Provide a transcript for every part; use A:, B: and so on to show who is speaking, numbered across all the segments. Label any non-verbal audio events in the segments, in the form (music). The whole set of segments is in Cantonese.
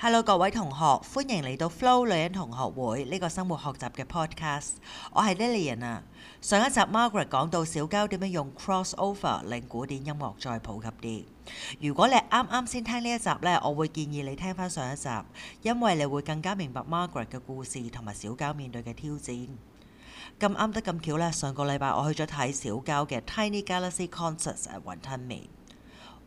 A: Hello 各位同學，歡迎嚟到 Flo 女人同學會呢個生活學習嘅 podcast，我係 Lillian 啊。上一集 Margaret 講到小交點樣用 crossover 令古典音樂再普及啲。如果你啱啱先聽呢一集呢，我會建議你聽翻上一集，因為你會更加明白 Margaret 嘅故事同埋小交面對嘅挑戰。咁啱得咁巧呢，上個禮拜我去咗睇小交嘅 Tiny Galaxy Concerts at One Time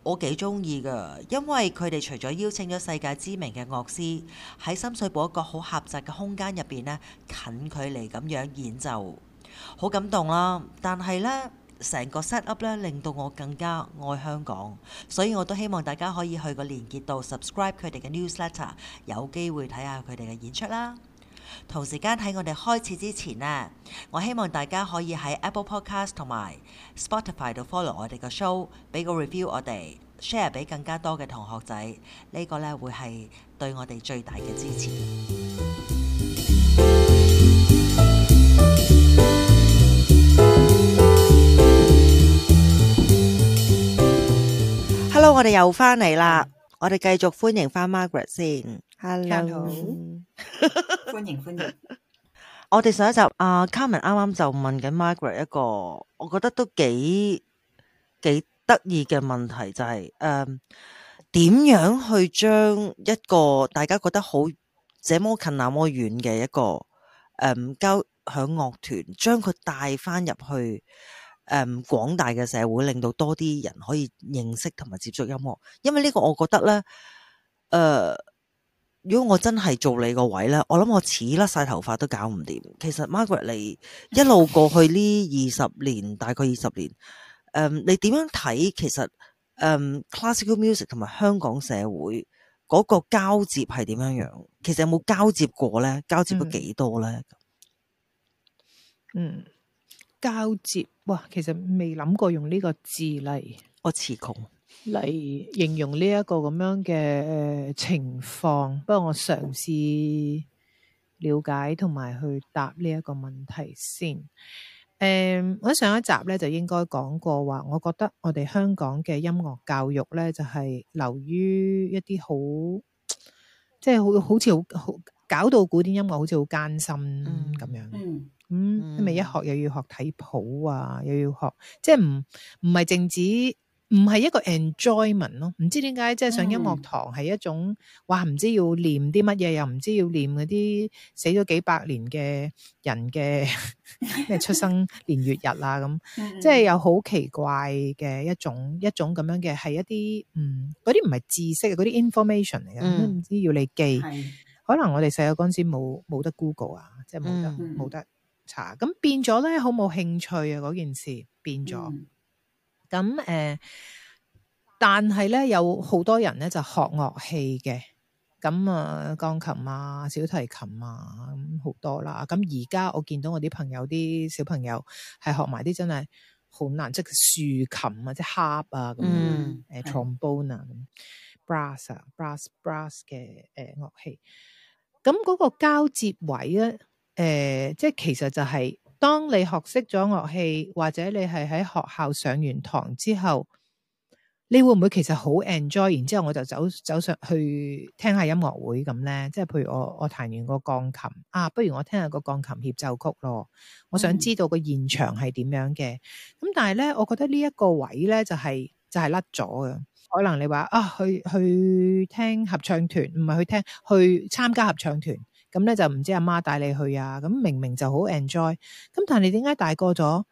A: 我幾中意㗎，因為佢哋除咗邀請咗世界知名嘅樂師，喺深水埗一個好狹窄嘅空間入邊呢，近距離咁樣演奏，好感動啦。但係呢，成個 set up 呢令到我更加愛香港，所以我都希望大家可以去個連結度 subscribe 佢哋嘅 newsletter，有機會睇下佢哋嘅演出啦。同時間喺我哋開始之前咧，我希望大家可以喺 Apple Podcast 同埋 Spotify 度 follow 我哋嘅 show，俾個 review 我哋，share 俾更加多嘅同學仔，呢個咧會係對我哋最大嘅支持。Hello，我哋又返嚟啦，我哋繼續歡迎翻 Margaret 先。hello，歡迎歡迎。我哋上一集阿 Carmen 啱啱就問緊 Margaret 一個，我覺得都幾幾得意嘅問題，就係誒點樣去將一個大家覺得好這麼近那麼遠嘅一個誒交響樂團，將佢帶翻入去誒廣大嘅社會，令到多啲人可以認識同埋接觸音樂？因為呢個我覺得咧，誒。如果我真係做你個位呢，我諗我似甩晒頭髮都搞唔掂。其實 Margaret，你一路過去呢二十年， (laughs) 大概二十年，嗯，你點樣睇？其實 classical music 同埋香港社會嗰個交接係點樣樣？其實有冇交接過呢？交接咗幾多呢？嗯，
B: 交接哇，其實未諗過用呢個字嚟，
A: 我詞窮。
C: 嚟
B: 形容呢一個咁樣嘅誒、呃、情況，不過我嘗試了解同埋去答呢一個問題先。誒、嗯，我喺上一集呢，就應該講過話，我覺得我哋香港嘅音樂教育呢，就係、是、流於一啲、就是、好，即係好好似好好搞到古典音樂好似好艱辛咁、嗯、樣。嗯，咁、嗯、咪一學又要學睇譜啊，又要學，即係唔唔係淨止。唔係一個 enjoyment 咯，唔知點解即係上音樂堂係一種，嗯、哇唔知要念啲乜嘢，又唔知要念嗰啲死咗幾百年嘅人嘅咩 (laughs) 出生年月日啊咁，即係、嗯即係、有好奇怪嘅一種一種咁樣嘅係一啲，嗯嗰啲唔係知識嗰啲 information 嚟嘅，唔、嗯、知要你記，是可能我哋細個嗰陣時冇冇得 Google 啊，即係冇得冇得查，咁變咗咧好冇興趣啊嗰件事變咗。嗯咁、嗯、誒，但係咧有好多人咧就學樂器嘅，咁、嗯、啊鋼琴啊、小提琴啊咁好、嗯、多啦。咁而家我見到我啲朋友啲小朋友係學埋啲真係好難識嘅豎琴啊、即係 harp 啊咁，誒 trombone 啊、brass 啊、brass brass 嘅誒、呃、樂器。咁嗰個交接位咧，誒、呃、即係其實就係、是。當你學識咗樂器，或者你係喺學校上完堂之後，你會唔會其實好 enjoy？然之後我就走走上去聽下音樂會咁呢，即係譬如我我彈完個鋼琴啊，不如我聽下個鋼琴協奏曲咯。我想知道個現場係點樣嘅。咁、嗯、但係呢，我覺得呢一個位呢，就係、是、就係甩咗嘅。可能你話啊，去去聽合唱團，唔係去聽去參加合唱團。咁、嗯、咧就唔知阿媽帶你去啊，咁明明就好 enjoy，咁但係你點解大個咗，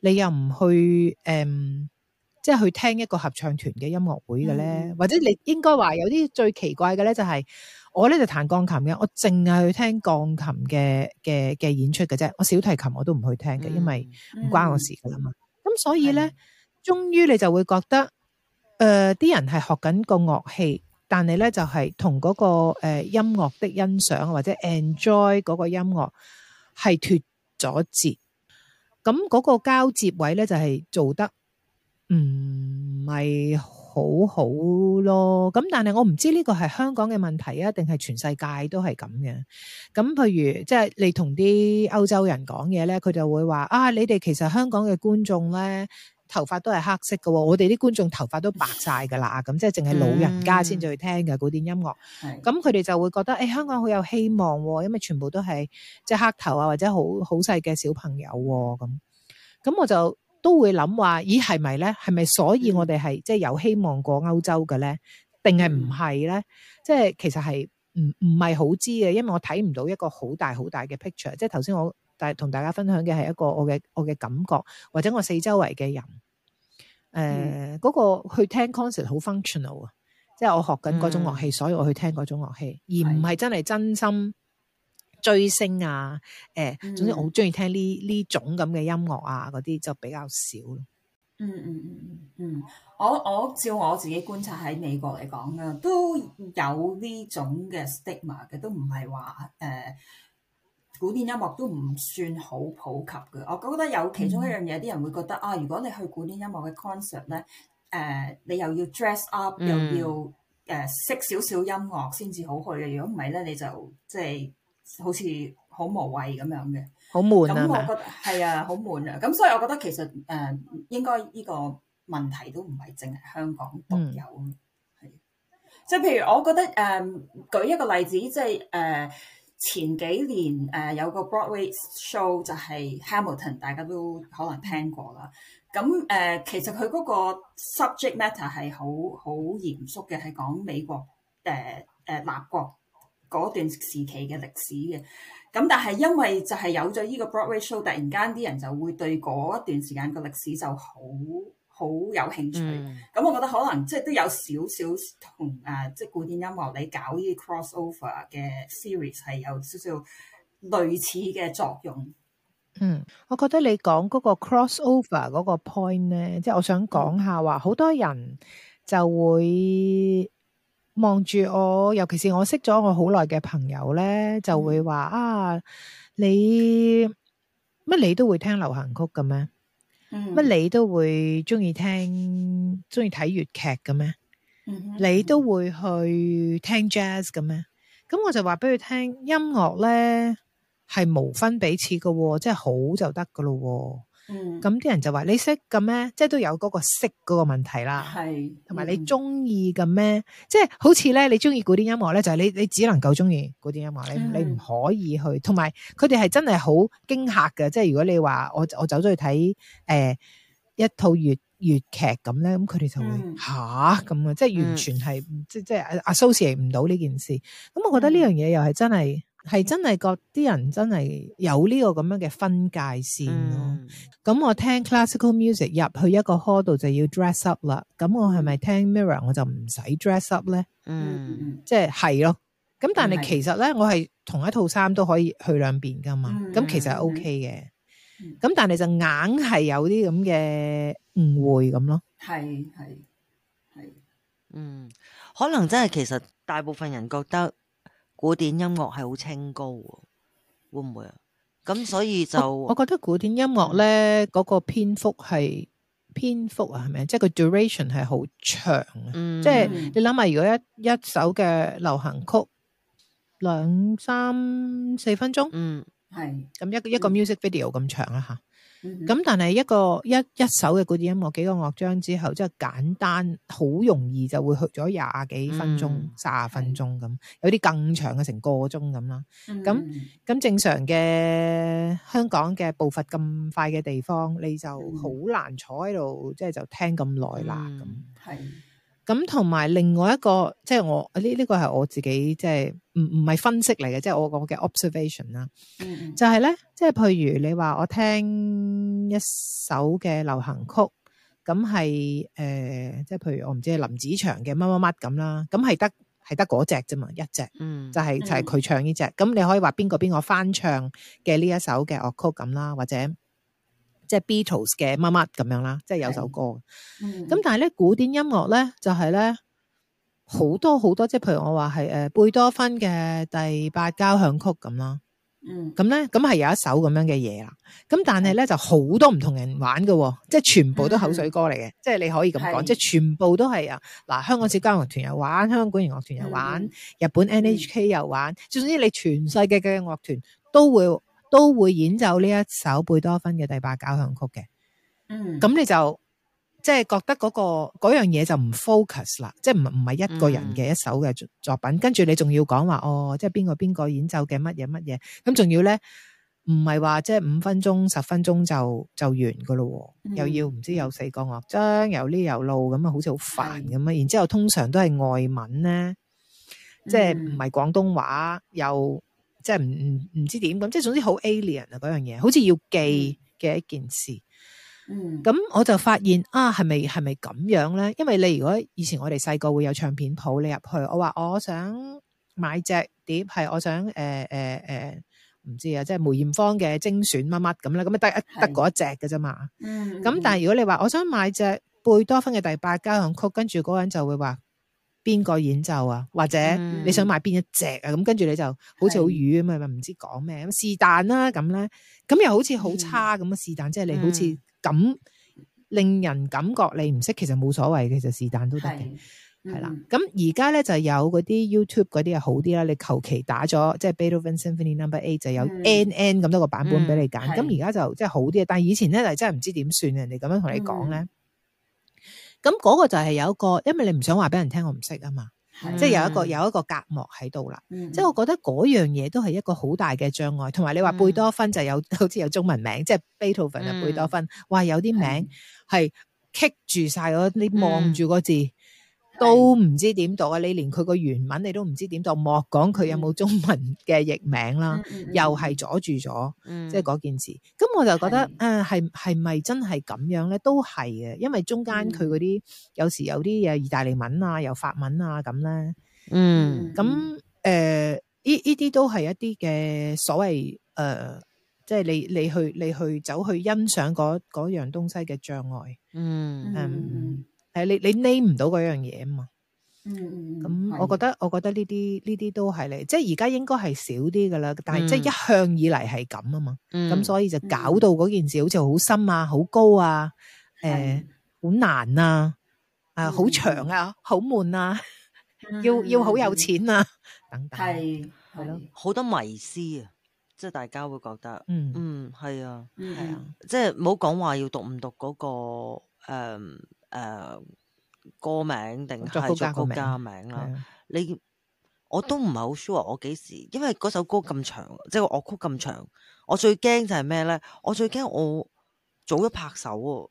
B: 你又唔去誒、嗯，即係去聽一個合唱團嘅音樂會嘅咧、嗯。或者你應該話有啲最奇怪嘅咧、就是，就係我咧就彈鋼琴嘅，我淨係去聽鋼琴嘅嘅嘅演出嘅啫，我小提琴我都唔去聽嘅，因為唔關我事㗎喇嘛。咁、嗯嗯、所以咧，終、嗯、於你就會覺得，誒、呃、啲人係學緊個樂器。但係咧，就係同嗰個、呃、音樂的欣賞或者 enjoy 嗰個音樂係脱咗節，咁嗰個交接位咧就係、是、做得唔係好好咯。咁但係我唔知呢個係香港嘅問題啊，定係全世界都係咁嘅？咁譬如即係、就是、你同啲歐洲人講嘢咧，佢就會話：啊，你哋其實香港嘅觀眾咧。頭髮都係黑色㗎喎，我哋啲觀眾頭髮都白晒㗎啦，咁即係淨係老人家先至去聽嘅古典音樂。咁佢哋就會覺得，誒，香港好有希望喎，因為全部都係即係黑頭啊或者好好細嘅小朋友喎，咁，咁我就都會諗話，咦係咪呢？係咪所以我哋係即係有希望過歐洲嘅呢？定係唔係呢？即係其實係唔唔係好知嘅，因為我睇唔到一個好大好大嘅 picture，即係頭先我。但同大家分享嘅係一個我嘅我嘅感覺，或者我四周圍嘅人，誒、嗯、嗰、呃那個去聽 concert 好 functional 啊，即係我學緊嗰種樂器、嗯，所以我去聽嗰種樂器，而唔係真係真心追星啊。誒、呃，總之我好中意聽呢呢、嗯、種咁嘅音樂啊，嗰啲就比較少。嗯嗯嗯
D: 嗯嗯，我我照我自己觀察喺美國嚟講啊，都有呢種嘅 stigma 嘅，都唔係話誒。古典音樂都唔算好普及嘅，我覺得有其中一樣嘢，啲、嗯、人會覺得啊，如果你去古典音樂嘅 concert 咧，誒，你又要 dress up、嗯、又要誒、呃、識少少音樂先至好去嘅，如果唔係咧，你就即係好似好無謂咁樣嘅，
B: 好悶啊，咁我覺
D: 得係啊，好悶 (laughs) 啊！咁、啊、所以我覺得其實誒、呃、應該呢個問題都唔係淨係香港獨有嘅、嗯，即係譬如我覺得誒、呃、舉一個例子，即係誒。呃前幾年誒有個 Broadway show 就係 Hamilton，大家都可能聽過啦。咁誒、呃，其實佢嗰個 subject matter 係好好嚴肅嘅，係講美國誒誒、呃呃、立國嗰段時期嘅歷史嘅。咁但係因為就係有咗呢個 Broadway show，突然間啲人就會對嗰一段時間嘅歷史就好好有興趣，咁、嗯嗯、我覺得可能即係都有少少同誒，即係古典音樂你搞呢啲 cross over 嘅 series 係有少少類似嘅作用。
B: 嗯，我覺得你講嗰個 cross over 嗰個 point 咧，即、就、係、是、我想講下話，好多人就會望住我，尤其是我識咗我好耐嘅朋友咧，就會話啊，你乜你都會聽流行曲嘅咩？乜、嗯、你都會中意聽中意睇粵劇嘅咩？你都會去聽 jazz 嘅咩？咁我就話俾佢聽，音樂咧係無分彼此喎、哦，即、就、係、係、好就得噶咯。咁、嗯、啲人就話你識咁咩？即、就、係、是、都有嗰個識嗰個問題啦。係，同埋你中意咁咩？即、嗯、係、就是、好似咧，你中意古典音樂咧，就是、你你只能夠中意古典音樂、嗯，你你唔可以去。同埋佢哋係真係好驚吓嘅，即、就、係、是、如果你話我我走咗去睇誒、呃、一套粵粵劇咁咧，咁佢哋就會嚇咁啊！即係完全係即即係 associate 唔到呢件事。咁我覺得呢樣嘢又係真係。係真係覺啲人真係有呢個咁樣嘅分界線咯。咁我聽 classical music 入去一個 hall 度就要 dress up 啦。咁我係咪聽 mirror 我就唔使 dress up 咧？嗯，即係係咯。咁但係其實咧，我係同一套衫都可以去兩邊噶嘛。咁其實係 OK 嘅。咁但係就硬係有啲咁嘅
A: 誤會咁咯。係係係。嗯，可能真係其實大部分人覺得，古典音樂係好清高喎，會唔會啊？咁所以就我，我覺
B: 得古典音樂呢嗰、嗯嗰個篇幅係篇幅啊，係咪？即係個 duration 係好長啊、嗯，即係你諗下，如果一一首嘅流行曲兩三四分鐘，嗯，係咁一個一個 music video 咁長啊。嚇。咁、嗯、但係一個一一首嘅古典音樂幾個樂章之後，即、就、係、是、簡單，好容易就會去咗廿幾分鐘、卅、嗯、分鐘咁，有啲更長嘅成個鐘咁啦。咁、嗯、咁正常嘅香港嘅步伐咁快嘅地方，你就好難坐喺度，即、就、係、是、就聽咁耐啦。咁、嗯、係。咁同埋另外一個即係、就是、我呢呢、這個係我自己即係唔唔係分析嚟嘅，即係我講嘅 observation 啦。就係、是、咧、mm -hmm.，即、就、係、是、譬如你話我聽一首嘅流行曲，咁係誒，即係譬如我唔知係林子祥嘅乜乜乜咁啦，咁係得係得嗰隻啫嘛，一隻，mm -hmm. 就係、是、就係、是、佢唱呢隻。咁你可以話邊個邊個翻唱嘅呢一首嘅樂曲咁啦，或者。即係 Beatles 嘅乜乜咁樣啦，即係有首歌。咁、嗯、但係咧古典音樂咧就係咧好多好多，即係譬如我話係誒貝多芬嘅第八交響曲咁啦。咁咧咁係有一首咁樣嘅嘢啦。咁但係咧就好多唔同人玩嘅，即係全部都口水歌嚟嘅。即係、就是、你可以咁講，即係全部都係啊嗱，香港小交響樂團又玩，香港管弦樂團又玩、嗯，日本 NHK 又玩，就、嗯、算你全世界嘅樂團都會。都會演奏呢一首貝多芬嘅第八交響曲嘅，嗯，咁你就即係、就是、覺得嗰、那個嗰樣嘢就唔 focus 啦，即係唔唔係一個人嘅一首嘅作品，跟、嗯、住你仲要講話哦，即係邊個邊個演奏嘅乜嘢乜嘢，咁、嗯、仲要咧唔係話即係五分鐘十分鐘就就完噶咯、哦嗯，又要唔知有四個樂章，又呢又路咁啊，好似好煩咁啊，然之後通常都係外文咧，即係唔係廣東話、嗯、又。即係唔唔唔知點咁，即係總之好 alien 啊嗰樣嘢，好似要記嘅一件事。咁、嗯、我就發現啊，係咪係咪咁樣咧？因為你如果以前我哋細個會有唱片鋪，你入去，我話我想買隻碟，係我想誒誒誒，唔、呃呃呃、知啊，即係梅艷芳嘅精選乜乜咁啦，咁啊得一得嗰一隻咋啫嘛。咁、嗯、但係如果你話我想買隻貝多芬嘅第八交響曲，跟住嗰個人就會話。邊個演奏啊？或者你想買邊一隻啊？咁、嗯、跟住你就好似好魚咁咪，唔知講咩咁是但啦咁咧，咁、啊、又好似好差咁啊！嗯，就是但，即係你好似咁、嗯、令人感覺你唔識，其實冇所謂嘅、嗯嗯，就是但都得嘅，係啦。咁而家咧就有嗰啲 YouTube 嗰啲係好啲啦。你求其打咗即係 Beethoven Symphony Number Eight 就有 N N 咁多個版本俾你揀。咁而家就即係好啲，啊。但係以前咧係真係唔知點算，人哋咁樣同你講咧。嗯咁、那、嗰個就係有一個，因為你唔想話俾人聽我唔識啊嘛，
C: 即係有一個有
B: 一個隔膜喺度啦，即係我覺得嗰樣嘢都係一個好大嘅障礙，同埋你話貝多芬就有、嗯、好似有中文名，即係 Beethoven 啊，貝多芬，哇有啲名係棘住晒，你望住嗰字。嗯嗯都唔知點讀啊！你連佢個原文你都唔知點讀，莫講佢有冇中文嘅譯名啦，又係阻住咗，即係嗰件事。咁我就覺得，誒係係咪真係咁樣咧？都係嘅，因為中間佢嗰啲有時有啲嘢，意大利文啊，又法文啊咁咧。
C: 嗯。
B: 咁誒，呢呢啲都係一啲嘅所謂誒，即係你你去你去走去欣賞嗰嗰樣東西嘅障礙。
C: 嗯。嗯。
B: 係你你匿唔到嗰樣嘢啊嘛，嗯咁、嗯嗯、我覺得我覺得呢啲呢啲都係你，即係而家應該係少啲噶啦，但係即係一向以嚟係咁啊嘛，咁、嗯、所以就搞到嗰件事好似好深啊，好高啊，誒、呃，好難啊，啊，好、嗯、長啊，好悶啊，嗯、要要好有錢啊，嗯、
A: 等等，係係咯，好多迷思啊，即係大家會覺得，嗯嗯係啊係啊，即係唔好講話要讀唔讀嗰、那個誒。嗯誒、呃，歌名定係作曲家名啦？啊，你我都唔係好 sure，我幾時？因為嗰首歌咁長，即係樂曲咁長，我最驚就係咩咧？我最驚我早咗拍手，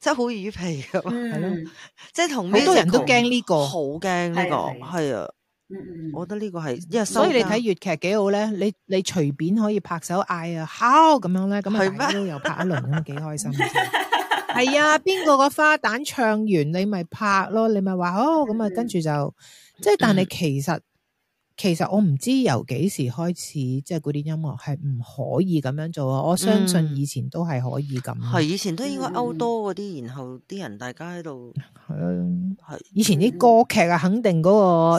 A: 即係好耳皮咁，係、嗯、咯，即係同好多人都驚呢、這個，好驚呢個，係啊、嗯，我覺得呢個係因為所以你睇粵
B: 劇幾好咧？你你隨便可以拍手嗌啊，好咁樣咧，咁啊大家又拍一輪，咁幾 (laughs) 開心。係 (laughs) 啊、哎，邊個個花旦唱完，你咪拍咯，你咪話哦咁啊，跟住就 (coughs) 即係，但係其實。其實我唔知由幾時開始，即係古典音樂係唔可以咁樣做啊！我相信以前都係可以咁。係、嗯嗯、以前都應該歐
A: 多嗰啲，然後啲人大家喺度係啊，
B: 係以前啲歌劇啊、嗯，肯定嗰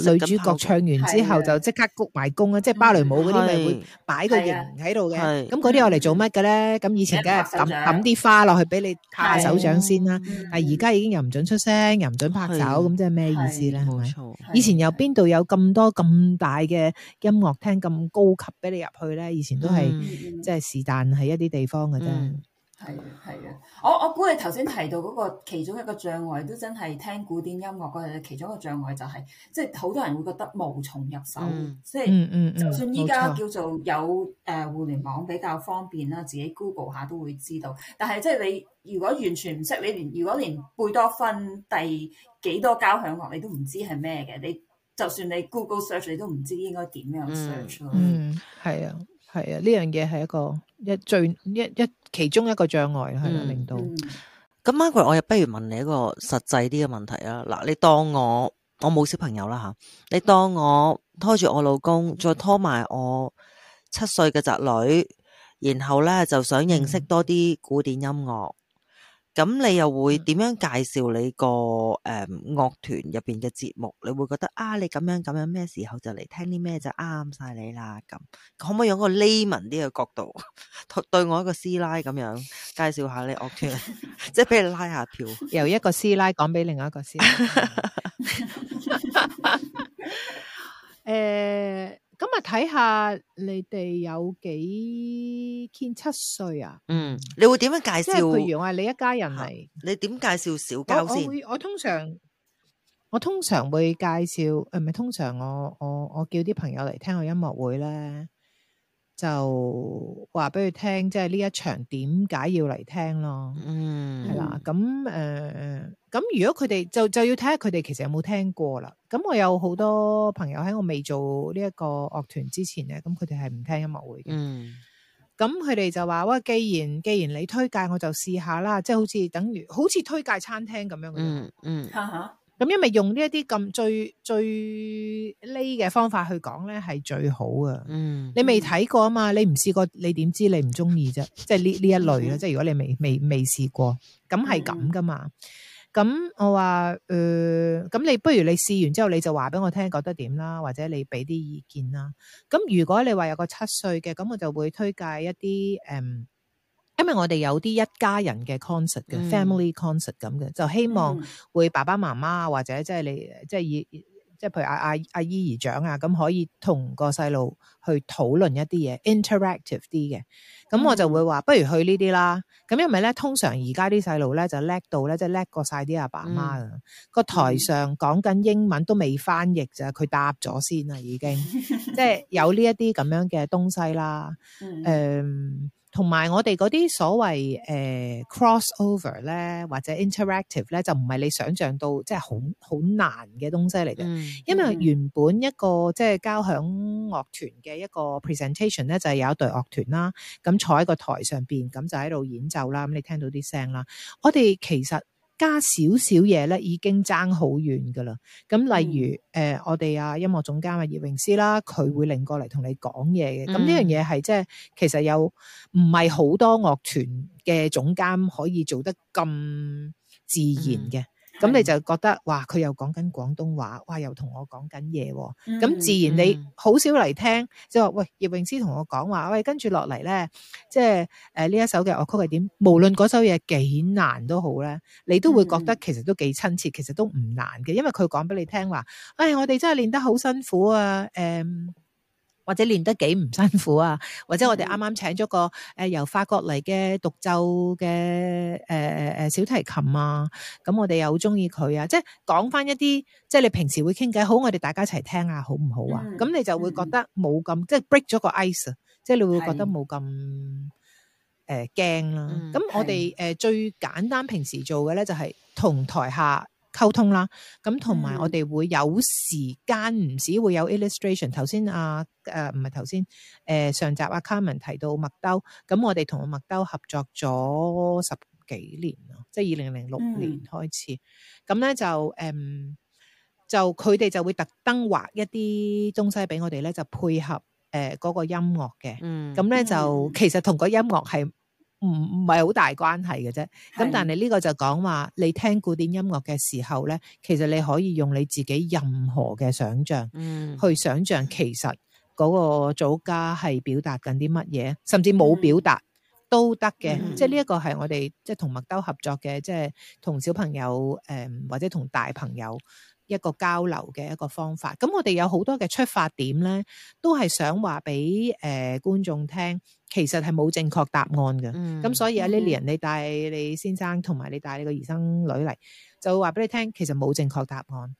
B: 個女主角唱完之後泡泡就即刻鞠埋躬啊，即係芭蕾舞嗰啲咪會擺個形喺度嘅。咁嗰啲我嚟做乜嘅咧？咁以前梗係抌抌啲花落去俾你拍手掌先啦。但係而家已經又唔准出聲，又唔准拍手，咁即係咩意思咧？冇錯。以前又邊度有咁多咁大？大嘅音樂廳咁高級俾你入去咧，以前都係、嗯、即係是但係一啲地方嘅啫。係係
D: 啊，我我估你頭先提到嗰個其中一個障礙，都真係聽古典音樂嘅其中一個障礙、就係，就係即係好多人會覺得無從入手。即、嗯、係，就算依家叫做有誒互聯網比較方便啦、嗯嗯嗯，自己 Google 下都會知道。但係即係你如果完全唔識，你連如果連貝多芬第幾多交響樂你都唔知係咩嘅，你。就
A: 算你 Google search，你都唔
B: 知應該點樣 search 咯。嗯，係、嗯、啊，係啊，呢樣嘢係一個一最一
A: 一其中一個障礙，
B: 係、嗯啊、令到
A: 咁。嗯、Margaret，我又不如問你一個實際啲嘅問題啦。嗱，你當我我冇小朋友啦吓，你當我拖住我老公，再拖埋我七歲嘅侄女，然後咧就想認識多啲古典音樂。嗯咁你又會點樣介紹你個誒樂團入邊嘅節目？你會覺得啊，你咁樣咁樣，咩時候就嚟聽啲咩就啱晒你啦？咁可唔可以用一個 layman 啲嘅角度 (laughs) 對，對我一個師奶咁樣介紹下你樂團， (laughs) 即係俾你拉下票，由一個師奶講俾另外一個師
B: 奶。誒、 (laughs) (laughs) 呃。咁啊，睇下你哋有幾千七歲
A: 啊？嗯，你會點樣介紹？即係譬如話你一家人嚟，你點介紹小交先？我通常，
B: 我通常會介紹，誒，唔係通常我我我叫啲朋友嚟聽我音樂會咧。就話俾佢聽，即係呢一場點解要嚟聽咯？嗯、mm -hmm.，係啦。咁、呃、誒，咁如果佢哋就就要睇下佢哋其實有冇聽過啦。咁我有好多朋友喺我未做呢一個樂團之前咧，咁佢哋係唔聽音樂會嘅。嗯、
C: mm -hmm.，
B: 咁佢哋就話：喂，既然既然你推介，我就試下啦。即係好似等於好似推介餐廳咁樣
A: 嘅。嗯嗯，哈哈。
B: 咁因為用呢一啲咁最最 lazy 嘅方法去講咧，係最好嘅、嗯。嗯，你未睇過啊嘛，你唔試過，你點知你唔中意啫？即係呢呢一類啦。即係如果你未未未試過，咁係咁噶嘛。咁、嗯、我話誒，咁、呃、你不如你試完之後你就話俾我聽，覺得點啦，或者你俾啲意見啦。咁如果你話有個七歲嘅，咁我就會推介一啲誒因為我哋有啲一,一家人嘅 concert 嘅 family concert 咁嘅，就希望會爸爸媽媽、嗯、或者即係你即係、就是、以即係、就是、譬如阿阿阿姨姨長啊咁，可以同個細路去討論一啲嘢，interactive 啲嘅。咁我就會話、嗯，不如去呢啲啦。咁因為咧，通常而家啲細路咧就叻到咧，即係叻過晒啲阿爸阿媽啊。個、嗯、台上講緊英文都未翻譯咋，佢答咗先啦，已經了了。 (laughs) 即係有呢一啲咁樣嘅東西啦。誒、嗯。呃同埋我哋嗰啲所謂誒、呃、cross over 咧，或者 interactive 咧，就唔係你想象到即係好好難嘅東西嚟嘅。Mm -hmm. 因為原本一個即係、就是、交響樂團嘅一個 presentation 咧，就係、是、有一隊樂團啦，咁坐喺個台上邊，咁就喺度演奏啦，咁你聽到啲聲啦。我哋其實～加少少嘢咧，已經爭好遠噶啦。咁例如誒我哋啊音樂總監啊葉詠詩啦，佢會拎過嚟同你講嘢嘅。咁呢樣嘢係即係其實有唔係好多樂團嘅總監可以做得咁自然嘅。嗯咁你就覺得哇，佢又講緊廣東話，哇，又同我講緊嘢喎。咁、嗯、自然你好少嚟聽，即係話，喂，葉詠詩同我講話，喂，跟住落嚟呢，即係誒呢一首嘅樂曲係點？無論嗰首嘢幾難都好呢，你都會覺得其實都幾親切，嗯、其實都唔難嘅，因為佢講俾你聽話，唉、哎，我哋真係練得好辛苦啊，嗯或者練得幾唔辛苦啊？或者我哋啱啱請咗個、呃、由法國嚟嘅獨奏嘅小提琴啊，咁、嗯嗯、我哋又好中意佢啊！即係講翻一啲即係你平時會傾偈，好我哋大家一齊聽啊，好唔好啊？咁、嗯、你就會覺得冇咁、嗯、即係 break 咗個 ice，即係你會覺得冇咁誒驚啦。咁、呃啊嗯、我哋、呃、最簡單平時做嘅咧，就係、是、同台下溝通啦，咁同埋我哋會有時間，唔、嗯、止會有 illustration。頭先啊，唔係頭先上集阿、啊、Carmen 提到麥兜，咁我哋同麥兜合作咗十幾年咯，即係二零零六年開始。咁、嗯、咧就誒、嗯，就佢哋就會特登畫一啲東西俾我哋咧，就配合嗰、呃嗰個音樂嘅。咁、嗯、咧就、嗯、其實同個音樂係唔唔係好大關係嘅啫，咁但係呢個就講話你聽古典音樂嘅時候呢，其實你可以用你自己任何嘅想象、嗯，去想象其實嗰個作家係表達緊啲乜嘢，甚至冇表達、嗯、都得嘅、嗯。即係呢一個係我哋即係同麥兜合作嘅，即係同小朋友誒、呃、或者同大朋友。一個交流嘅一個方法，咁我哋有好多嘅出發點呢，都係想話俾誒觀眾聽，其實係冇正確答案嘅。咁、嗯、所以阿 Lily 你帶你先生同埋你帶你個兒生女嚟，就話俾你聽，其實冇正確答案。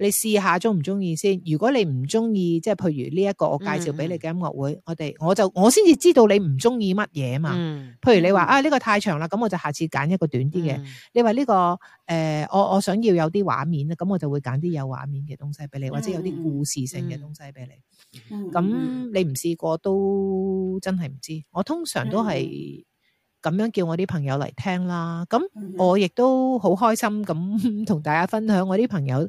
B: 你試下中唔中意先？如果你唔中意，即係譬如呢一個我介紹俾你嘅音樂會，我、嗯、哋我就我先至知道你唔中意乜嘢嘛、嗯。譬如你話啊，呢、這個太長啦，咁我就下次揀一個短啲嘅、嗯。你話呢、這個誒、呃，我我想要有啲畫面咧，咁我就會揀啲有畫面嘅東西俾你，或者有啲故事性嘅東西俾你。嗯。咁、嗯、你唔試過都真係唔知道。我通常都係咁樣叫我啲朋友嚟聽啦。咁我亦都好開心咁同 (laughs) 大家分享我啲朋友。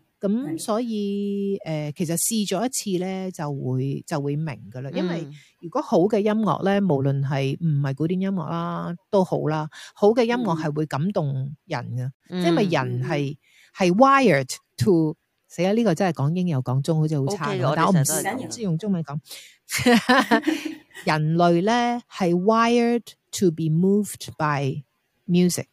B: 咁所以誒、呃、其實試咗一次咧，就會就會明噶啦。因為如果好嘅音樂咧，無論係唔係古典音樂啦，都好啦，好嘅音樂係會感動人嘅。因、嗯、為人係係 wired to 死啊。呢個真係講英又講中，好似好差。但係我唔知用中文講， (laughs) (laughs) 人類咧係 wired to be moved by music。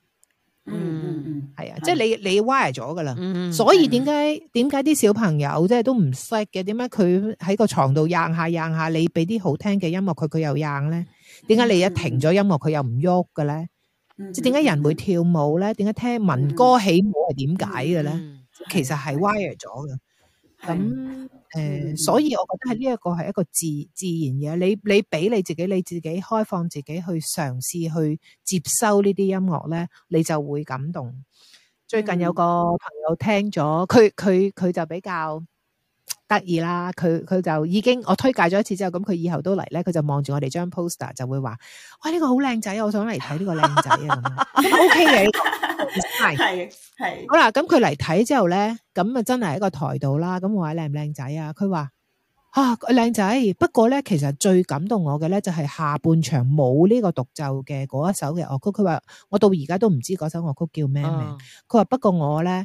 B: 嗯，嗯，嗯，係啊，啊，即係你你 wire 咗噶啦、嗯嗯，所以點解點解啲小朋友即係都唔識嘅？點解佢喺個床度掟下掟下，你俾啲好聽嘅音樂佢，佢又掟咧？點解你一停咗音樂佢又唔喐嘅咧？即係點解人會跳舞咧？點、嗯、解、嗯、聽聞歌起舞係點解嘅咧？其實係 wire 咗嘅，咁、啊。嗯誒、嗯，所以我覺得係呢一個係一個自、嗯、自然嘢，你你俾你自己，你自己開放自己去嘗試去接收這些樂，呢啲音樂呢，你就會感動。最近有個朋友聽咗，佢佢佢就比較得意啦，佢佢就已經我推介咗一次之後，咁佢以後都嚟呢，佢就望住我哋張 poster 就會話：，哇，呢個好靚仔啊，我想嚟睇呢個靚仔啊。O K，你係
D: 係好
B: 啦，咁佢嚟睇之後呢，咁啊真係喺個台度啦，咁我話靚唔靚仔啊？佢話啊靚仔，不過呢，其實最感動我嘅呢，就係下半場冇呢個獨奏嘅嗰一首嘅樂曲，佢話我到而家都唔知嗰首樂曲叫咩名，佢、嗯、話不過我呢。」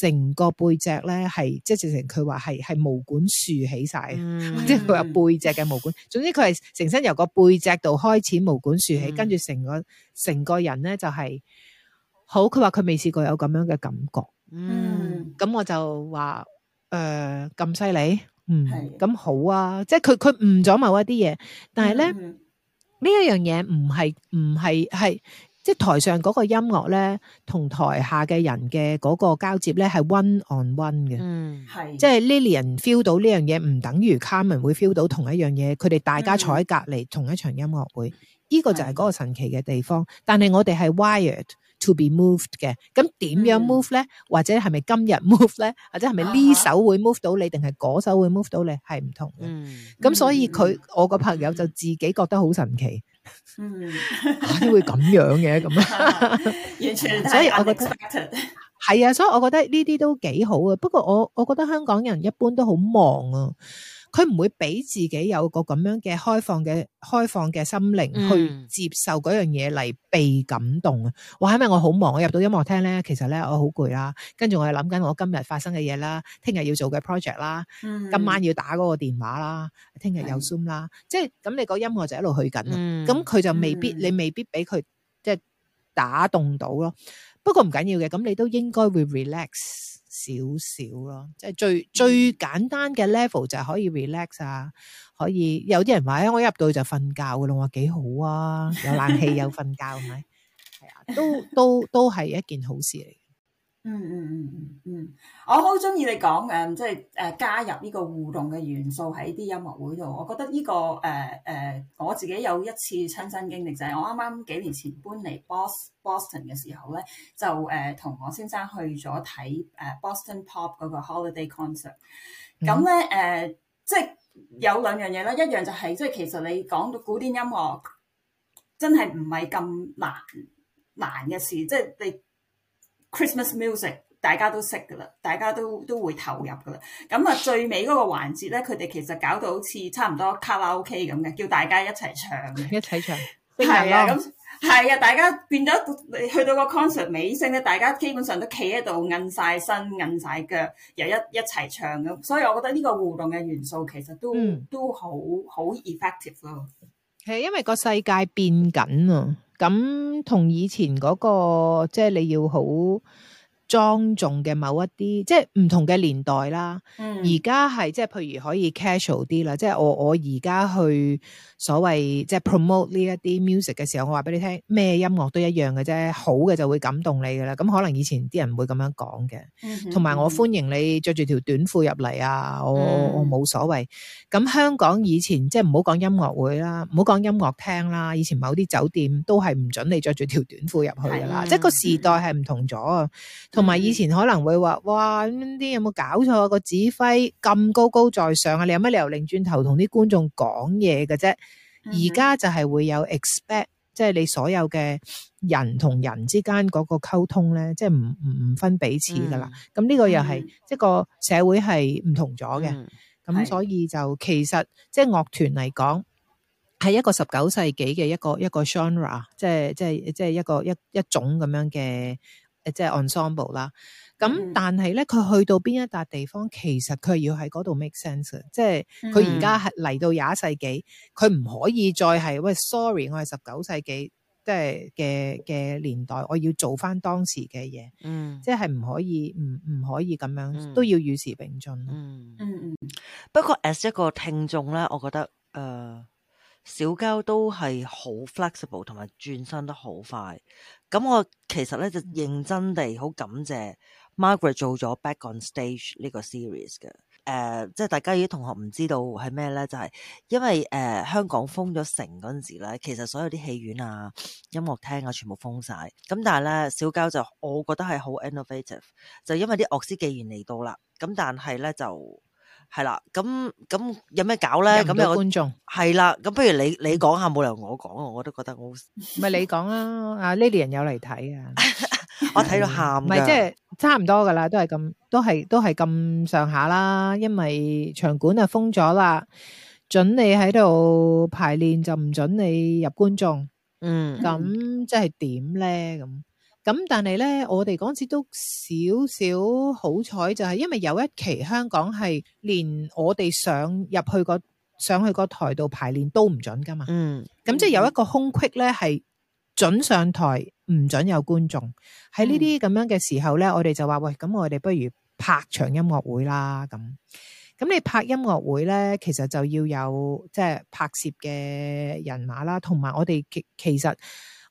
B: 成個背脊咧，係即係，直情佢話係係毛管豎起晒，mm -hmm. 即係佢話背脊嘅毛管。總之佢係成身由個背脊度開始毛管豎起，mm -hmm. 跟住成個成個人咧就係、是、好。佢話佢未試過有咁樣嘅感覺。Mm -hmm. 嗯，咁我就話誒咁犀利，嗯，咁好啊。即係佢佢誤咗某一啲嘢，但係咧呢、
D: mm
B: -hmm. 呢一樣嘢唔係唔係係。不是是即係台上嗰個音樂咧，同台下嘅人嘅嗰個交接咧係 one on one 嘅，嗯，係，即係 Lillian feel 到呢樣嘢，唔等於 Carmen 會 feel 到同一樣嘢，佢哋大家坐喺隔離同一場音樂會，呢、嗯呢個就係嗰個神奇嘅地方。但係我哋係 wired。to be moved 嘅，咁點樣 move 呢？或者係咪今日 move 呢？或者係咪呢首會 move 到你，定係嗰首會 move 到你？係唔同嘅。咁所以佢我個朋友就自己覺得好神奇，嗯，點會咁樣嘅？咁？完
D: 全，所以我覺得
B: 係啊，所以我覺得呢啲都幾好啊。不過我我覺得香港人一般都好忙啊。佢唔會俾自己有個咁樣嘅開放嘅開放嘅心靈去接受嗰樣嘢嚟被感動啊！我係咪我好忙？我入到音樂廳咧，其實咧我好攰啦。跟住我又諗緊我今日發生嘅嘢啦，聽日要做嘅 project 啦，今晚要打嗰個電話啦，聽日有 zoom 啦。即係咁，你個音樂就一路去緊啦。咁佢就未必，你未必俾佢即係打動到咯。不過唔緊要嘅，咁你都應該會 relax。少少咯，即係最最簡單嘅 level 就係可以 relax 啊，可以有啲人話咧、哎，我一入到去就瞓覺嘅咯，話幾好啊，有冷氣又瞓覺，係咪？係啊，都都都係一件好事嚟。嗯嗯
D: 嗯嗯嗯，我好中意你講誒，即係誒加入呢個互動嘅元素喺啲音樂會度，我覺得呢、這個誒誒、呃，我自己有一次親身經歷就係、是、我啱啱幾年前搬嚟 Bos, Boston Boston 嘅時候咧，就誒同、呃、我先生去咗睇誒 Boston Pop 嗰個 Holiday Concert、嗯。咁咧誒，即、呃、係、就是、有兩樣嘢啦，一樣就係即係其實你講到古典音樂，真係唔係咁難難嘅事，即、就、係、是、你。Christmas music 大家都識噶啦，大家都都會投入噶啦。咁啊，最尾嗰個環節咧，佢哋其實搞到好似差唔多卡拉 OK 咁嘅，叫大家一齊唱嘅，一齊唱係啊。咁係啊，啊，大家變咗去到個 concert 尾聲咧，大家基本上都企喺度，韌晒身韌晒腳，又一一齊唱咁。所以我覺得呢個互動嘅元素其實都、嗯、都好好 effective 咯。
B: 係因為個世界變緊啊！咁同以前嗰個，即係你要好，莊重嘅某一啲，即係唔同嘅年代啦。而家係即係譬如可以 casual 啲啦，即係我我而家去所謂即係 promote 呢一啲 music 嘅時候，我話俾你聽咩音樂都一樣嘅啫，好嘅就會感動你嘅啦。咁可能以前啲人唔會咁樣講嘅，同、嗯、埋、嗯、我歡迎你着住條短褲入嚟啊！我、嗯、我冇所謂，咁香港以前即係唔好講音樂會啦，唔好講音樂廳啦，以前某啲酒店都係唔准你着住條短褲入去噶啦。嗯、即係個時代係唔同咗。同埋以前可能會話：哇！呢啲有冇搞錯個指揮咁高高在上啊！你有乜理由？擰轉頭同啲觀眾講嘢嘅啫。mm-hmm. 而家就係會有 expect，即係你所有嘅人同人之間嗰個溝通咧，即係唔唔唔分彼此噶啦。mm-hmm. 咁呢個又係即係個社會係唔同咗嘅。mm-hmm. 咁所以就其實即係樂團嚟講，係一個十九世紀嘅一個一個 genre，即係即係即係一個一一種咁樣嘅。即、就、係、是、ensemble 啦，咁但係咧，佢去到邊一笪地方，嗯、其實佢要喺嗰度 make sense。即係佢而家係嚟到廿一世紀，佢、嗯、唔可以再係喂 sorry，我係十九世紀，即係嘅嘅年代，我要做翻當時嘅嘢，嗯，即係唔可以，唔唔可以咁樣、嗯，都要與時
A: 並進。嗯嗯嗯。不過，as 一個聽眾咧，我覺得誒。Uh, 小交都係好 flexible，同埋轉身得好快。咁我其實咧就認真地好感謝 Margaret 做咗 Back on Stage 呢個 series 嘅。誒、uh,，即係大家已果同學唔知道係咩咧，就係、是、因為誒、uh, 香港封咗城嗰陣時咧，其實所有啲戲院啊、音樂廳啊，全部封晒。咁但係咧，小交就我覺得係好 innovative，就因為啲樂師既然嚟到啦，咁但係咧就。係啦，咁咁有咩搞咧？咁有觀眾係啦，咁不如你你講下冇理由我講啊，我都覺得好唔
B: 係你講啦，阿 Lily 有嚟睇
A: 啊，我睇到喊。唔係即係
B: 差唔多噶啦，都係咁，都係都係咁上下啦。因為場館啊封咗啦，準你喺度排練就唔準你入觀眾。嗯，咁即係點咧咁？咁，但係咧，我哋嗰陣都少少好彩，就係因為有一期香港係連我哋上入去個上去個台度排練都唔準噶嘛。嗯，咁即係有一個空隙咧，係準上台，唔準有觀眾。喺呢啲咁樣嘅時候咧，我哋就話喂，咁我哋不如拍場音樂會啦。咁咁你拍音樂會咧，其實就要有即係、就是、拍攝嘅人馬啦，同埋我哋其其實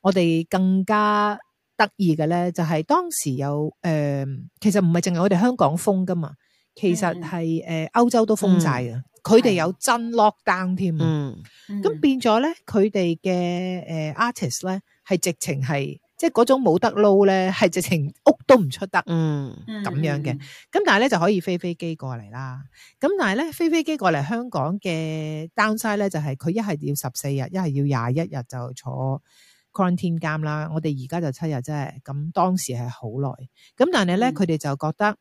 B: 我哋更加。得意嘅咧，就係、是、當時有誒、呃，其實唔係淨係我哋香港封㗎嘛，其實係誒、呃、歐洲都封晒嘅，佢、嗯、哋有真 lock down 添，咁、嗯嗯、變咗咧，佢哋嘅誒 artist 咧係直情係即係嗰種冇得撈咧，係直情屋都唔出得，咁、嗯、樣嘅。咁、嗯、但係咧就可以飛飛機過嚟啦。咁但係咧飛飛機過嚟香港嘅 downside 咧，就係佢一係要十四日，一係要廿一日就坐。天監啦，我哋而家就七日啫，咁當時係好耐，咁但係咧佢哋就覺得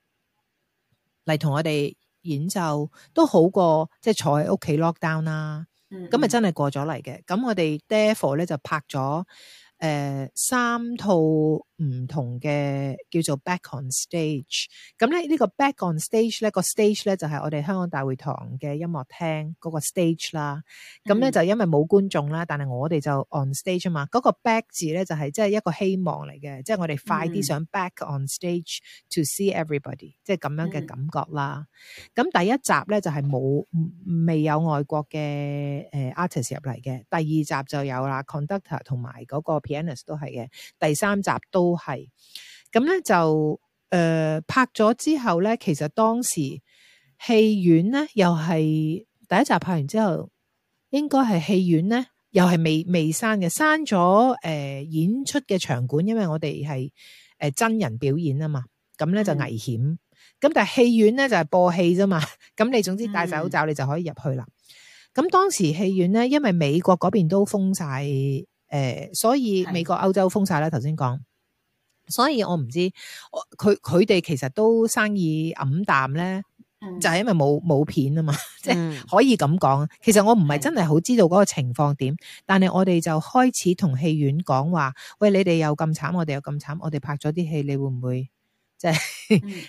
B: 嚟同我哋演奏都好過，即係坐喺屋企 lock down 啦，咁咪真係過咗嚟嘅。咁我哋 therefore 咧就拍咗、呃、三套。唔同嘅叫做 back on stage，咁咧呢、呢個 back on stage 咧，嗰個 stage 咧就係、係、我哋香港大會堂嘅音樂廳嗰個 stage 啦。咁咧就因為冇觀眾啦，但係我哋就 on stage 啊嘛。嗰、嗰個 back 字咧就係即係一個希望嚟嘅，即、就、係、係、我哋快啲想 back on stage to see everybody，即係咁樣嘅感覺啦。咁、嗯、第一集咧就係、係、冇未有外國嘅誒 artist 入嚟嘅，第二集就有啦，conductor 同埋嗰個 pianist 都係嘅，第三集都都係，咁咧就誒、呃、拍咗之後咧，其實當時戲院咧又係第一集拍完之後，應該係戲院咧又係未未閂嘅，閂咗誒演出嘅場館，因為我哋係誒真人表演啊嘛，咁咧就危險，咁但係戲院咧就係、是、播戲啫嘛，咁你總之戴晒口罩你就可以入去啦。咁當時戲院咧，因為美國嗰邊都封晒誒、呃，所以美國、歐洲封晒啦，頭先講。所以我唔知，佢佢哋其實都生意暗淡呢，嗯、就係、係、因為冇冇片啊嘛，即、嗯、係 (laughs) 可以咁講。其實我唔係真係好知道嗰個情況點、嗯，但係我哋就開始同戲院講話：「喂，你哋又咁慘，我哋又咁慘，我哋拍咗啲戲，你會唔會即係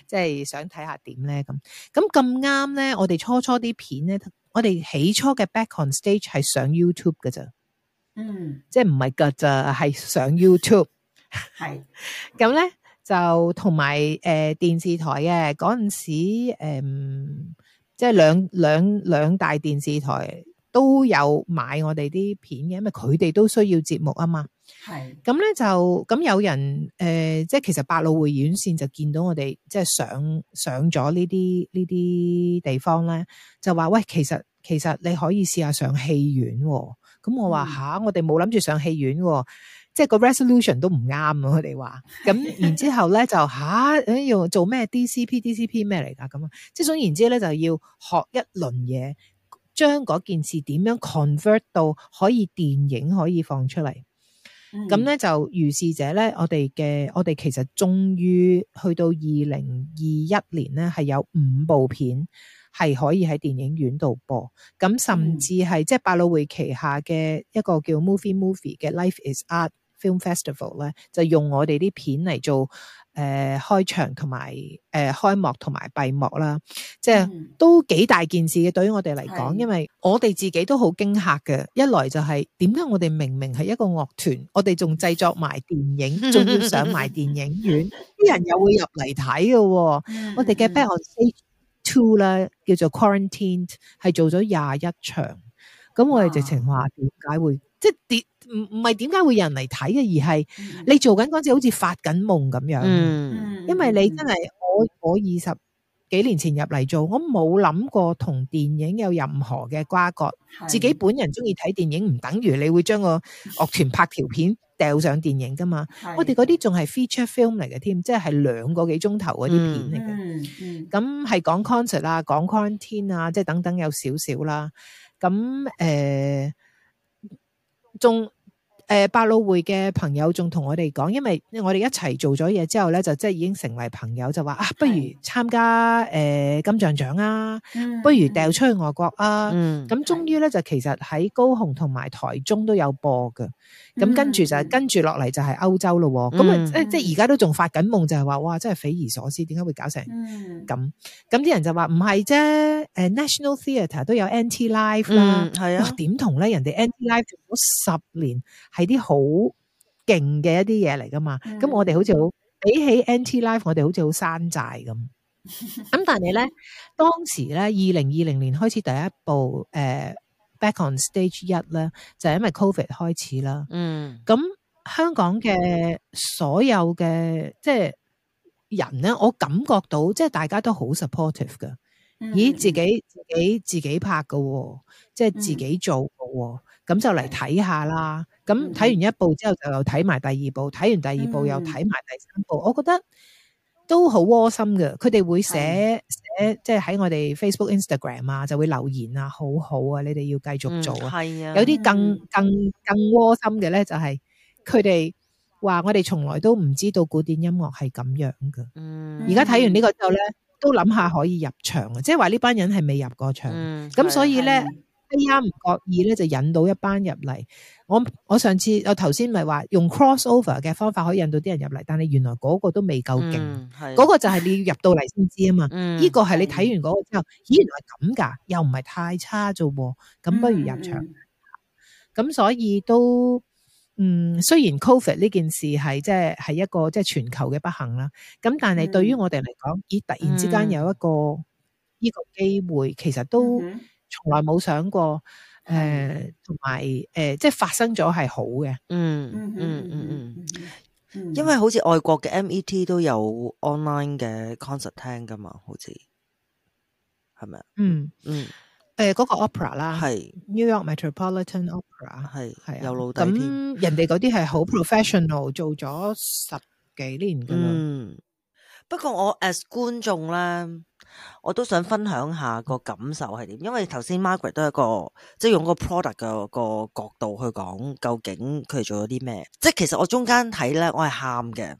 B: 即係想睇下點呢？」咁咁咁啱呢，我哋初初啲片呢，我哋起初嘅 back on stage 係上 YouTube 噶啫，嗯，即係唔係噶咋，係上 YouTube。係，咁 (laughs) 咧就同埋誒電視台嘅嗰陣時，誒即係兩兩兩大電視台都有買我哋啲片嘅，因為佢哋都需要節目啊嘛。係，咁咧就咁有人誒、呃，即係其實百老匯院線就見到我哋即係上上咗呢啲呢啲地方咧，就話喂，其實其實你可以試下上戲院喎。咁我話吓、嗯啊，我哋冇諗住上戲院喎。即係個 resolution 都唔啱啊！佢哋話咁，然之後咧就吓誒、啊、要做咩 DCP、DCP 咩嚟㗎？咁即係總言之咧，就要學一輪嘢，將嗰件事點樣 convert 到可以電影可以放出嚟。咁、嗯、咧就如是者咧，我哋嘅我哋其實終於去到二零二一年咧，係有五部片係可以喺電影院度播咁，甚至係、嗯、即係百老匯旗下嘅一個叫 Movie Movie 嘅 Life Is Art。film festival 咧，就用我哋啲片嚟做誒、呃、開場同埋誒開幕同埋閉幕啦，即係 mm -hmm. 都幾大件事嘅。對於我哋嚟講，因為我哋自己都好驚吓嘅。一來就係點解我哋明明係一個樂團，我哋仲製作埋電影，仲要上埋電影院，啲 (laughs) 人又會入嚟睇嘅。Mm -hmm. 我哋嘅 back on stage two 咧，叫做 quarantine，係做咗廿一場，咁我哋直情話點解會？即係點唔唔係點解會有人嚟睇嘅？而係你做緊嗰次好似發緊夢咁樣。嗯，因為你真係、嗯、我我二十幾年前入嚟做，我冇諗過同電影有任何嘅瓜葛的。自己本人中意睇電影，唔等於你會將個樂團拍條片掉上電影噶嘛？是我哋嗰啲仲係 feature film 嚟嘅添，即係兩個幾鐘頭嗰啲片嚟嘅。嗯嗯，咁係講 concert 啊，講 content 啊，即係等等有少少啦。咁、嗯、誒。嗯嗯仲誒，百老匯嘅朋友仲同我哋講，因為我哋一齊做咗嘢之後咧，就即係已經成為朋友，就話啊，不如參加誒、呃、金像獎啊，嗯，不如掉出去外國啊。咁終於咧，就其實喺高雄同埋台中都有播㗎。咁、嗯、跟住就跟住落嚟就係歐洲咯、哦，咁、嗯、啊，即即而家都仲發緊夢，就係、是、話哇，真係匪夷所思，點解會搞成咁？咁、嗯、啲人就話唔係啫，National Theatre 都有 NT Live 啦，係、嗯、啊，點同咧？人哋 NT Live 十年，係啲好勁嘅一啲嘢嚟噶嘛。咁、嗯、我哋好似好比起 NT Live 我哋好似好山寨咁。咁 (laughs) 但係咧，當時咧，二零二零年開始第一部誒。呃 Back on stage 一咧就係、是、因為 COVID 開始啦，咁、嗯、香港嘅所有嘅即係人咧，我感覺到即係、就是、大家都好 supportive 噶，咦自己自己自己拍噶、哦，即、就、係、是、自己做噶、哦，咁、嗯、就嚟睇下啦，咁睇完一部之後就又睇埋第二部，睇完第二部又睇埋第三部，嗯、我覺得。都好窩心嘅，佢哋會寫寫即係喺我哋 Facebook、Instagram 啊，就會留言啊，好好啊，你哋要繼續做啊。係、嗯、啊，
A: 有啲更
B: 更更窩心嘅咧，就係佢哋話我哋從來都唔知道古典音樂係咁樣㗎。嗯，而家睇完呢個之後咧，都諗下可以入場啊，即係話呢班人係未入過場。咁、嗯、所以咧。啱唔覺意咧，就引到一班入嚟。我我上次我頭先咪話用 cross over 嘅方法可以引到啲人入嚟，但係原來嗰個都未夠勁，嗰、嗯嗰個就係你要入到嚟先知啊嘛。呢、嗯呢個係你睇完嗰個之後，咦，原來咁噶，又唔係太差啫喎。咁不如入場。咁、嗯嗯、所以都嗯，雖然 COVID 呢件事係即係一個即係、即係、全球嘅不幸啦。咁但係對於我哋嚟講，咦，突然之間有一個呢、嗯呢個機會，其實都。嗯從來冇想過，誒、呃，同埋，誒、呃，即係發生咗係好嘅。嗯嗯嗯嗯
A: 嗯因為好似外國嘅 MET 都有 online 嘅 concert 聽噶嘛，好似係咪啊？嗯嗯，
B: 誒、呃，嗰、那個 opera 啦，係 New York Metropolitan Opera，係係啊，有老豆咁人哋嗰啲係好 professional， (laughs) 做咗十
A: 幾年噶啦。嗯，不過我 as 觀眾啦。我都想分享下個感受係點，因為頭先 Margaret 都係一個即係、就是、用個 product 嘅個角度去講，究竟佢做咗啲咩？即係其實我中間睇咧，我係喊嘅，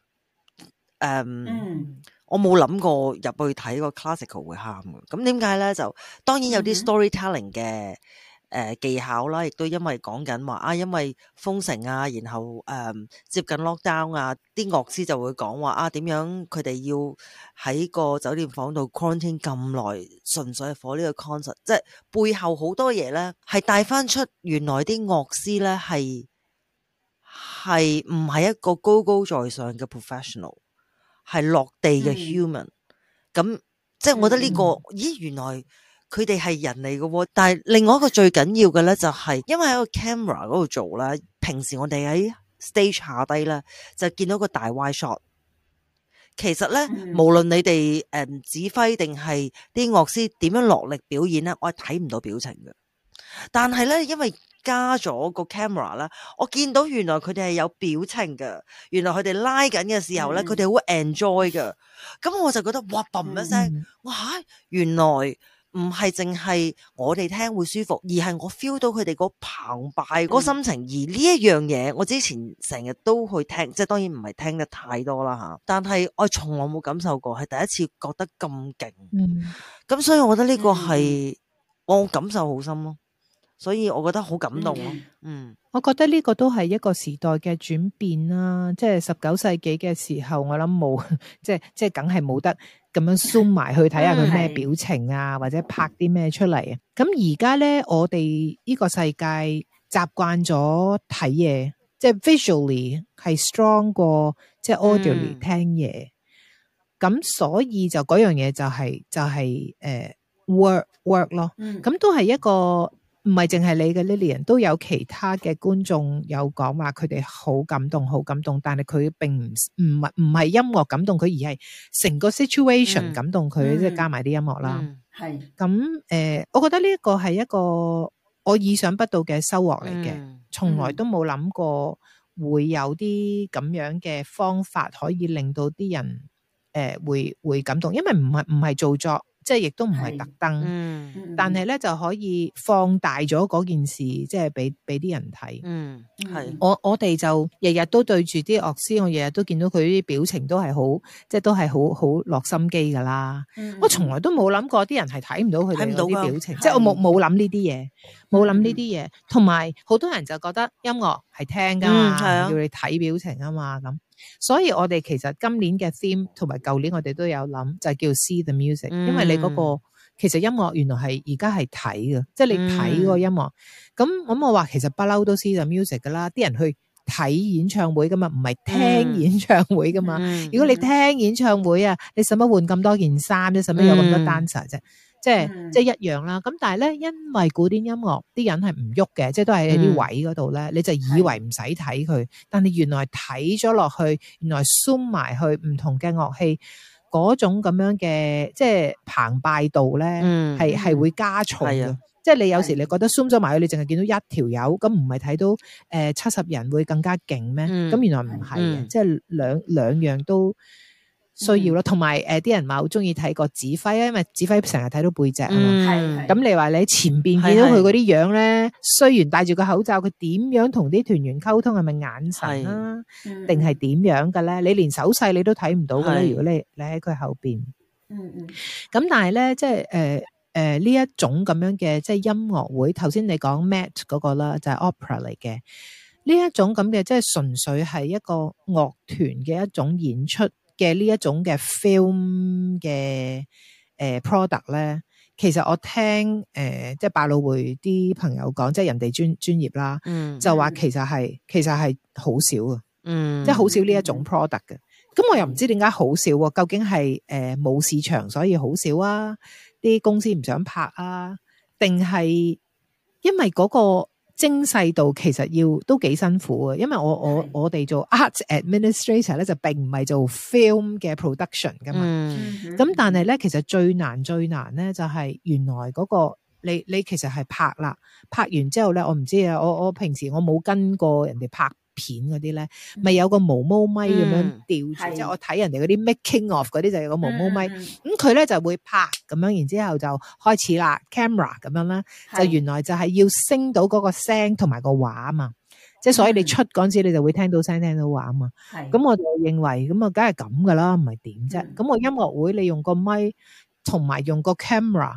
A: 誒、um, mm.，我冇諗過入去睇個 classical 會喊嘅。咁點解咧？就當然有啲 storytelling 嘅。呃、技巧啦，亦都因為講緊話啊，因為封城啊，然後誒、嗯、接近 lockdown 啊，啲樂師就會講話啊，點樣佢哋要喺個酒店房度 quarantine 咁耐，純粹係 for 呢個 concert，即係背後好多嘢呢，係帶翻出原來啲樂師呢，係係唔係一個高高在上嘅 professional，係落地嘅 human。咁、嗯、即係我覺得呢、這個、嗯、咦原來。佢哋係人嚟嘅喎，但係另外一個最緊要嘅咧、就是，就係因為喺個 camera 嗰度做啦。平時我哋喺 stage 下低咧就見到一個大 wide shot，其實咧無論你哋誒指揮定係啲樂師點樣落力表演咧，我係睇唔到表情嘅。但係咧，因為加咗個 camera 呢，我見到原來佢哋係有表情㗎。原來佢哋拉緊嘅時候咧，佢哋好 enjoy 㗎。咁我就覺得哇，嘣一聲，我原來。唔係淨係我哋聽會舒服，而係我 feel 到佢哋個澎湃個心情。嗯、而呢一樣嘢，我之前成日都去聽，即係當然唔係聽得太多啦吓。但係我從來冇感受過，係第一次覺得咁勁。嗯，咁所以我覺得呢個係、嗯、我感受好深咯。所以我覺得好感動咯、嗯。嗯，
B: 我覺得呢個都係一個時代嘅轉變啦、啊。即係十九世紀嘅時候，我諗冇，即即係梗係冇得。咁樣 zoom 埋去睇下佢咩表情啊，嗯、或者拍啲咩出嚟啊？咁而家咧，我哋呢個世界習慣咗睇嘢，即、就、係、是、visually 係 strong 過即係 auditory 聽嘢。咁、嗯、所以就嗰樣嘢就係、是、就係、是、誒 work work 咯。咁都係一個。唔係淨係你嘅 Lillian 都有其他嘅觀眾有講話，佢哋好感動，好感動。但係佢並唔唔唔係音樂感動佢，而係成個 situation 感動佢，即係加埋啲音樂啦。係咁誒，我覺得呢一個係一個我意想不到嘅收穫嚟嘅，從來都冇諗過會有啲咁樣嘅方法可以令到啲人誒會會感動，因為唔係唔係做作。即係亦都唔係特登，但係咧就可以放大咗嗰件事，即係俾俾啲人睇。嗯，
A: 係。我
B: 我哋就日日都對住啲樂師，我日日都見到佢啲表情都係好，即係都係好好落心機㗎啦。嗯。我從來都冇諗過啲人係睇唔到佢啲表情，係。即係我冇冇諗呢啲嘢。冇諗呢啲嘢，同埋好多人就覺得音樂係聽噶、嗯啊、嘛，要你睇表情啊嘛咁。所以我哋其實今年嘅 theme 同埋舊年我哋都有諗，就叫 see the music。嗯。因為你嗰，那個其實音樂原來係而家係睇嘅，即係你睇個音樂。咁，嗯、我冇話其實不嬲都 see the music 噶啦，啲人去睇演唱會噶嘛，唔係聽演唱會噶嘛、嗯。如果你聽演唱會啊，嗯嗯、你使乜換咁多件衫啫，使乜有咁多 dancer 啫？嗯嗯即係、嗯、即係一樣啦，咁但係咧，因為古典音樂啲人係唔喐嘅，即係都係喺啲位嗰度咧，你就以為唔使睇佢，但係原來睇咗落去，原來 zoom 埋去唔同嘅樂器嗰種咁樣嘅即係澎湃度咧，係、嗯、係會加重嘅。即係你有時你覺得 zoom 咗埋去，你淨係見到一條友，咁唔係睇到誒七十人會更加勁咩？咁、嗯、原來唔係嘅，即係兩兩樣都，需要咯，同埋誒，啲、呃、人咪好中意睇個指揮啊，因為指揮成日睇到背脊啊。係、嗯、咁，你話你前邊見到佢嗰啲樣咧，雖然戴住個口罩，佢點樣同啲團員溝通，係咪眼神啊，定係點樣㗎咧？你連手勢你都睇唔到㗎啦。如果你你喺佢後邊，嗯
C: 嗯，
B: 咁但係咧，即係誒誒呢一種咁樣嘅即係音樂會。頭先你講 Matt 嗰、那個啦，就係、是、Opera 嚟嘅呢一種咁嘅，即係純粹係一個樂團嘅一種演出。嘅呢一種嘅 film 嘅 product 咧，其實我聽誒、呃、即係百老匯啲朋友講，即係人哋專專業啦，嗯、mm -hmm.，就話其實係其實係好少嗯，mm -hmm. 即係好少呢一種 product 嘅，咁、mm -hmm. 我又唔知點解好少喎、啊，究竟係冇、呃、市場所以好少啊，啲公司唔想拍啊，定係因為嗰、嗰個？精細度其實要都幾辛苦嘅，因為我我我哋做 arts administrator 咧，就並唔係做 film 嘅 production 㗎嘛。咁但係咧，其實最難最難咧就係、是、原來嗰、那個你你其實係拍啦，拍完之後咧，我唔知啊，我我，我平時我冇跟過人哋拍。片嗰啲咧，咪有個毛毛咪咁樣吊住，就我睇人哋嗰啲 making of 嗰啲就有個毛毛咪，咁佢咧就會拍咁樣，然之後就開始啦，camera 咁樣啦，就原來就係要升到嗰個聲同埋個畫啊嘛，即係所以你出陣時，你就會聽到聲、嗯、聽到畫啊嘛，咁我就認為咁啊，梗係咁噶啦，唔係點啫？咁、嗯、我音樂會你用個咪同埋用個 camera，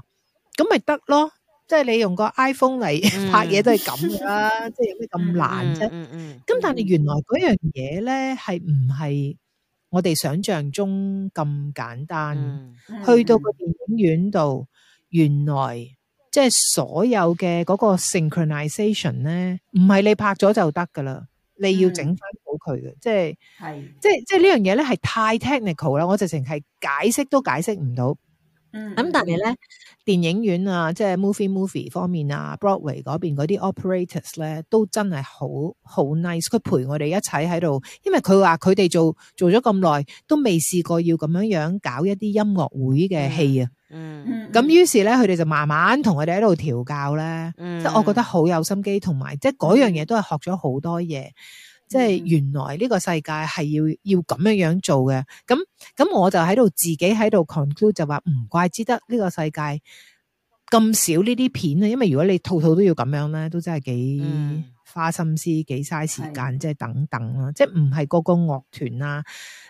B: 咁咪得咯。即係你用個 iPhone 嚟拍嘢都係咁噶啦，即係有咩咁難啫？咁但係原來嗰樣嘢咧係唔係我哋想象中咁簡單？去到個電影院度，原來即係所有嘅嗰個 synchronization 咧，唔係你拍咗就得噶啦，你要整翻好佢嘅，即係係即係即係呢樣嘢咧係太 technical 啦，我直情係解釋都解釋唔到。咁、嗯、但係咧，電影院啊，即、就、係、是、movie movie 方面啊，Broadway 嗰邊嗰啲 operators 咧，都真係好好 nice。佢陪我哋一齊喺度，因為佢話佢哋做做咗咁耐，都未試過要咁樣樣搞一啲音樂會嘅戲啊。嗯，咁、嗯、於是咧，佢哋就慢慢同我哋喺度調教咧，即、嗯、係我覺得好有心機，同埋即係嗰樣嘢都係學咗好多嘢。即係原來呢個世界係要要咁樣樣做嘅，咁咁我就喺度自己喺度 conclude 就話唔怪之得呢個世界咁少呢啲片啊，因為如果你套套都要咁樣咧，都真係幾，嗯花心思幾嘥時間，即係等等啦，即係唔係個個樂團啦，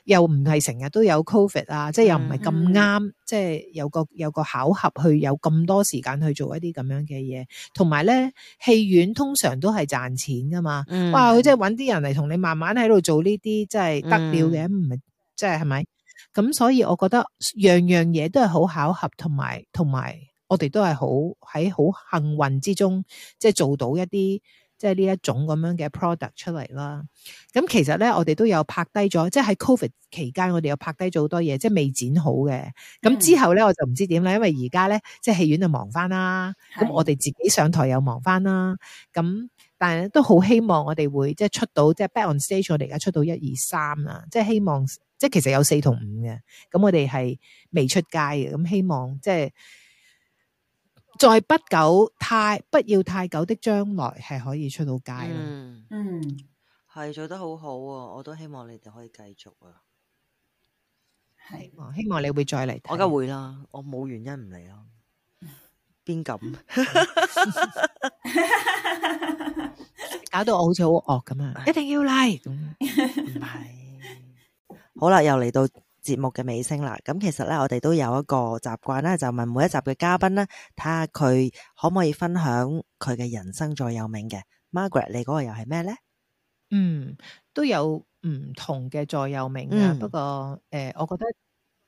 B: 又唔係成日都有 Covid 啊，即係又唔係咁啱，即係、嗯、有個有個巧合去有咁多時間去做一啲咁樣嘅嘢，同埋咧戲院通常都係賺錢噶嘛，嗯，哇！佢即係揾啲人嚟同你慢慢喺度做呢啲，即係得了嘅，唔係即係係咪？咁所以我覺得樣樣嘢都係好巧合，同埋同埋我哋都係好喺好幸運之中，即係做到一啲。即係呢一種咁樣嘅 product 出嚟啦。咁其實咧，我哋都有拍低咗，即係喺 Covid 期間，我哋有拍低咗好多嘢，即係未剪好嘅。咁之後咧，我就唔知點啦，因為而家咧，即係戲院就忙翻啦。咁我哋自己上台又忙翻啦。咁但係都好希望我哋會即係出到，即係 back on stage。我哋而家出到一二三啦，即係希望，即係其實有四同五嘅。咁我哋係未出街嘅。咁希望即係。在不久太不要太久的將來係可以出到街啦，嗯，
A: 係做得好好啊。我都希望你哋可以繼續啊，
B: 係，希望你會再嚟。我梗會啦，我冇原因唔嚟咯。邊咁，
A: 搞到我好似好惡咁啊，一定要嚟，唔係，好啦，又嚟到節目嘅尾聲啦，咁其實咧，我哋都有一個習慣咧，就問每一集嘅嘉賓咧，睇下佢可唔可以分享佢嘅人生座右銘嘅。Margaret，你嗰個又係咩咧？
B: 嗯，都有唔同嘅座右銘啊。不過，誒，我覺得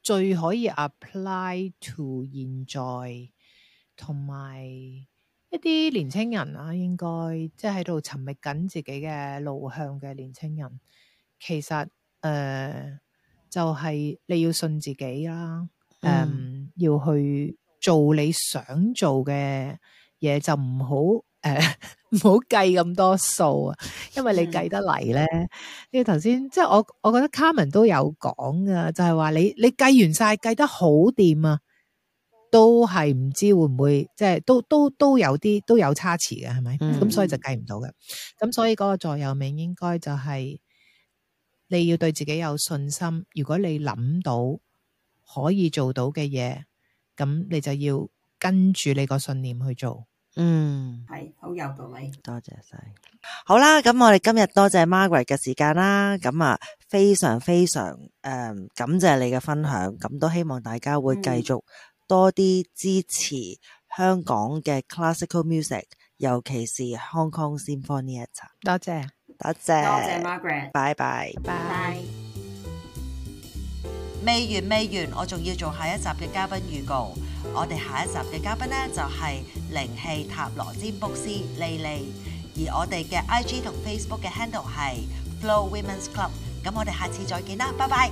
B: 最可以 apply to 現在，同埋一啲年青人呀，應該即係喺度尋覓緊自己嘅路向嘅年青人，其實誒。就係、是、你要信自己啦、啊，誒、嗯嗯，要去做你想做嘅嘢，就唔好誒唔好計咁多數啊，因為你計得嚟咧，因為頭先即係我我覺得卡文都有講噶，就係、是、話你你計完晒計得好掂啊，都係唔知會唔會即係都都都有啲都有差池嘅係咪？咁、嗯、所以就計唔到嘅，咁所以嗰個座右銘應該就係、是。你要對自己有信心。如果你諗到可以做到嘅嘢，咁你就要
A: 跟住你個信念去做。嗯，
D: 係，好有道理。多謝晒！
A: 好啦，咁我哋今日多謝 Margaret 嘅時間啦。咁啊，非常非常、um, 感謝你嘅分享。咁都希望大家會繼續多啲支持香港嘅 classical music，尤其是 Hong Kong Sinfonietta。多謝。多謝，多謝，Margaret。拜拜。拜拜。未完未完，我仲要做下一集嘅嘉賓預告。我哋下一集嘅嘉賓呢，就係靈氣塔羅占卜師莉莉。而我哋嘅 IG 同 Facebook 嘅 handle 係 Flow Women’s Club。咁我哋下次再見啦，拜拜。